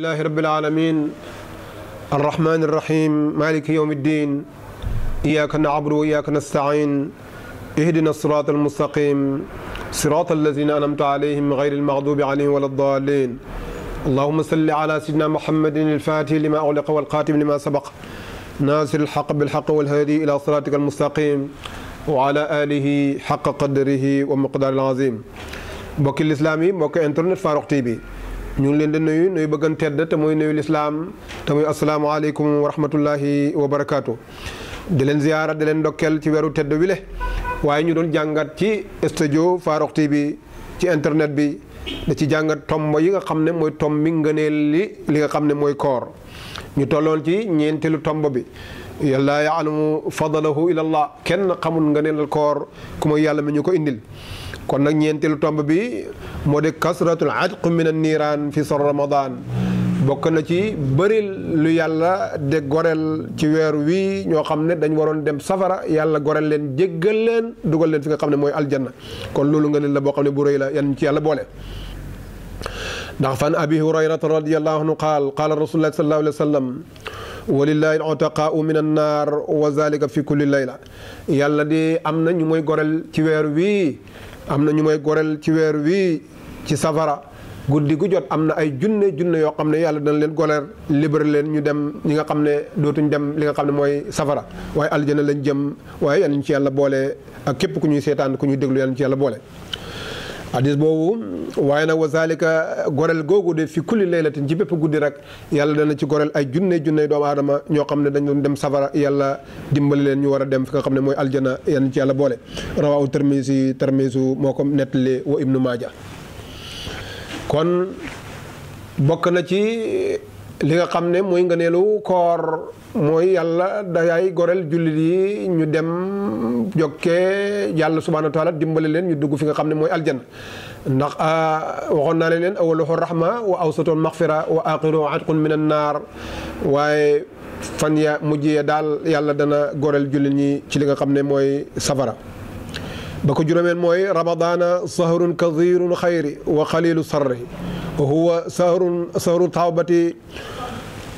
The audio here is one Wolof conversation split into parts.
الله رب العالمين الرحمن الرحيم مالك يوم الدين إياك نعبد وإياك نستعين اهدنا الصراط المستقيم صراط الذين أنعمت عليهم غير المغضوب عليهم ولا الضالين اللهم صل على سيدنا محمد الفاتح لما أغلق والقاتم لما سبق ناصر الحق بالحق والهادي إلى صراطك المستقيم وعلى آله حق قدره ومقدار العظيم بوك الإسلامي بوك انترنت فاروق تي بي ñu ngi leen di nuyu nuyu bëggan tedd te mooy nuyu lislaam te mooy asalaamaaleykum wa rahmatullahi wa di leen ziyaara de leen ndokkeel ci weeru tedd wi waaye ñu doon jàngat ci stadio Farokh TV ci internet bi da ci jàngat tomb yi nga xam ne mooy tomb mi ngëneel li li nga xam ne mooy koor ñu tolloon ci ñeenteelu tomb bi yàlla yaalamu fadalahu ilallah kenn xamul ngëneelal koor ku mooy yàlla mi ñu ko indil kon nag ñeenteelu tomb bi moo di kasratul atq min an niiraan fi sar ramadan bokk na ci bari lu yàlla de goreel ci weer wii ñoo xam ne dañ waroon dem safara yàlla goreel leen jéggal leen dugal leen fi nga xam ne mooy aljanna kon loolu nga leen la boo xam ne bu rëy la yan ci yàlla boole ndax fan abi hurayrata radiallahu anhu qaal qaala rasulullahi sallallahu alayhi wa sallam walillahi al-utaqaa'u min an-naar wa zalika fi kulli layla yàlla di am na ñu mooy goreel ci weer wii am na ñu mooy goreel ci weer wii ci safara guddi gu jot am na ay junne junne yoo xam ne yàlla dana leen goleer libéré leen ñu dem ñi nga xam ne dootuñ dem li nga xam ne mooy safara waaye aljana lañ jëm waaye yal nañ ci yàlla boole ak képp ku ñuy seetaan ku ñuy déglu yal nañ ci yàlla boole. hadis boobu waaye nag wa zalika gorel googu de fi kulli laylatin ci bépp guddi rek yàlla dana ci gorel ay junne junne doomu aadama ñoo xam ne dañ doon dem safara yàlla dimbali leen ñu war a dem fi nga xam ne mooy aljana yan ci yàlla boole rawaahu termisi termisu moo ko nettali wa ibnu maaja kon bokk na ci li nga xam ne mooy ngëneelu koor mooy yàlla dayay goreel jullit yi ñu dem jokkee yàlla subhaana wa taala dimbale leen ñu dugg fi nga xam ne mooy aljan ndax a ah, waxoon naa leen awaluhu rahma wa awsatoon maxfira wa axiru atqun min an naar waaye fan ya mujj ya daal yàlla dana goreel jullit ñi ci li nga xam ne mooy safara ba ko juróomeel mooy ramadaana sahrun kathiirun xayri wa qalilu sarri wa huwa sahrun sahru tawbati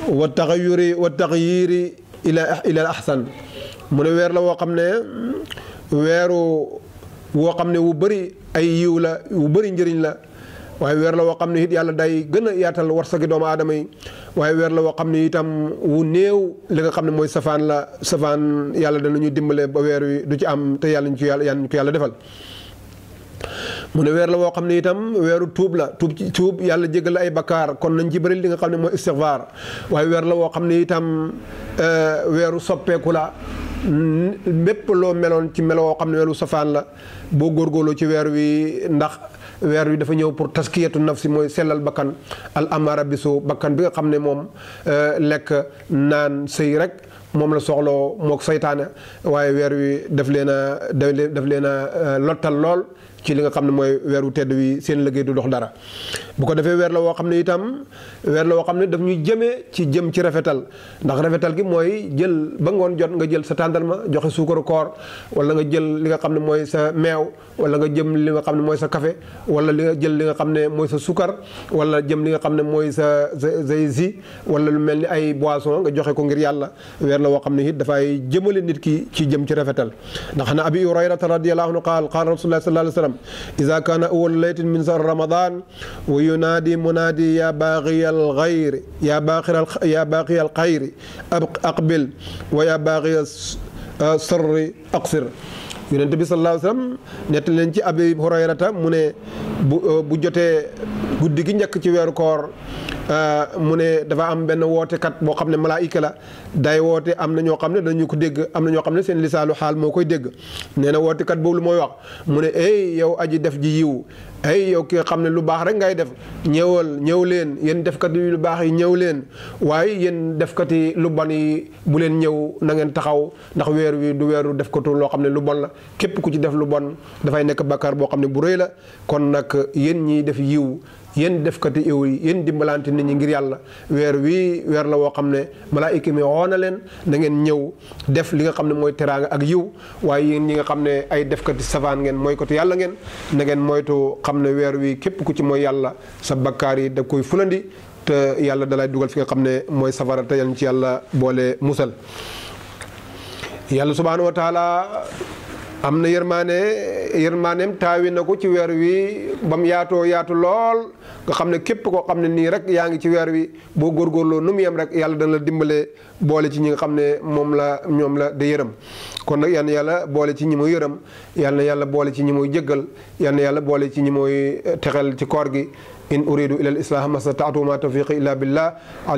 wa taxayuri wa taxyiiri ila ila al ahsan mu ne weer la woo xam ne weeru woo xam ne wu bëri ay yiw la wu bëri njëriñ la waaye weer la woo xam ne it yàlla day gën a yaatal gi doomu aadama yi waaye weer la woo xam ne itam wu néew li nga xam ne mooy safaan la safaan yàlla danañu dimbale ba weer wi du ci am te yàlla ñu ci yàlla yàlla ñu ko yàlla defal mu ne weer la woo xam ne itam weeru tuub la tuub ci tuub yàlla jégal ay bakkaar kon nañ ci bëri li nga xam ne mooy istigfaar waaye weer la woo xam ne itam weeru soppeeku la bépp loo meloon ci melo woo xam ne welu sofaan la boo góorgóorloo ci weer wi ndax weer wi dafa ñëw pour taskiyatu nafsi mooy sellal bakkan al amara bisu bakkan bi nga xam ne moom euh, lekk naan sëy rek moom la soxloo mook saytaane waaye weer wi daf leen a daf leen a euh, lottal lool ci li nga xam ne mooy weeru tedd wi seen liggéey du dox dara bu ko defee weer la woo xam ne itam weer la woo xam ne daf ñuy jëmee ci jëm ci rafetal ndax rafetal gi mooy jël ba ngoon jot nga jël sa tàndarma joxe suukaru koor wala nga jël li nga xam ne mooy sa meew wala nga jëm li nga xam ne mooy sa kafe wala li nga jël li nga xam ne mooy sa sukar wala jëm li nga xam ne mooy sa say si wala lu mel ni ay boisson nga joxe ko ngir yàlla weer la woo xam ne it dafay jëmale nit ki ci jëm ci rafetal ndax na abi hurayrata radiyallahu anhu qaal qaala rasulullah sallallahu إذا كان أول ليلة من شهر رمضان وينادي منادي يا باغي الغير يا باغي يا باغي الخير أقبل ويا باغي السر أقصر yonent bi sallallahu alayhi wa sallam nett leen ci abi hurayrata mu ne bu jotee guddi gi njëkk ci weeru koor Euh, mu ne dafa am benn woote kat boo xam ne malaayika la day woote am na ñoo xam ne dañu ko dégg am na ñoo xam ne seen lisaalu xaal moo koy dégg nee na wootekat boobu lu mooy wax mu ne ey yow aji def ji yiw ey yow ki nga xam ne lu baax rek ngay def ñëwal ñëw leen yéen defkat yi lu baax yi ñëw leen waaye yéen defkat yi lu bon yi bu leen ñëw na ngeen taxaw ndax weer wi du weeru def ko loo xam ne lu bon la képp ku ci def lu bon dafay nekk bakkaar boo xam ne bu rëy la kon nag yéen ñiy def yiw yéen defkati yéen dimbalante nit ñi ngir yàlla weer wii weer la woo xam ne malaayika mi woo na leen na ngeen ñëw def li nga xam ne mooy teraanga ak yiw waaye yéen ñi nga xam ne ay def defkati safaan ngeen mooy ko te yàlla ngeen na ngeen moytu xam ne weer wi képp ku ci mooy yàlla sa bakkaar yi da koy fulandi te yàlla dalay dugal fi nga xam ne mooy safara te yal ci yàlla boole musal yàlla subhaanahu wa am na yërmaane yërmaaneem taawi na ko ci weer wi ba mu yaatoo yaatu lool nga xam ne képp koo xam ne nii rek yaa ngi ci weer wi boo góorgóorloo nu mu yem rek yàlla dana la dimbale boole ci ñi nga xam ne moom la ñoom la di yërëm kon nag yal yàlla boole ci ñi muy yërëm yal yàlla boole ci ñi muy jëggal yal yàlla boole ci ñi muy eh, texel ci koor gi in uridu ila al islaah ma stataatu ma tawfiqi illa billah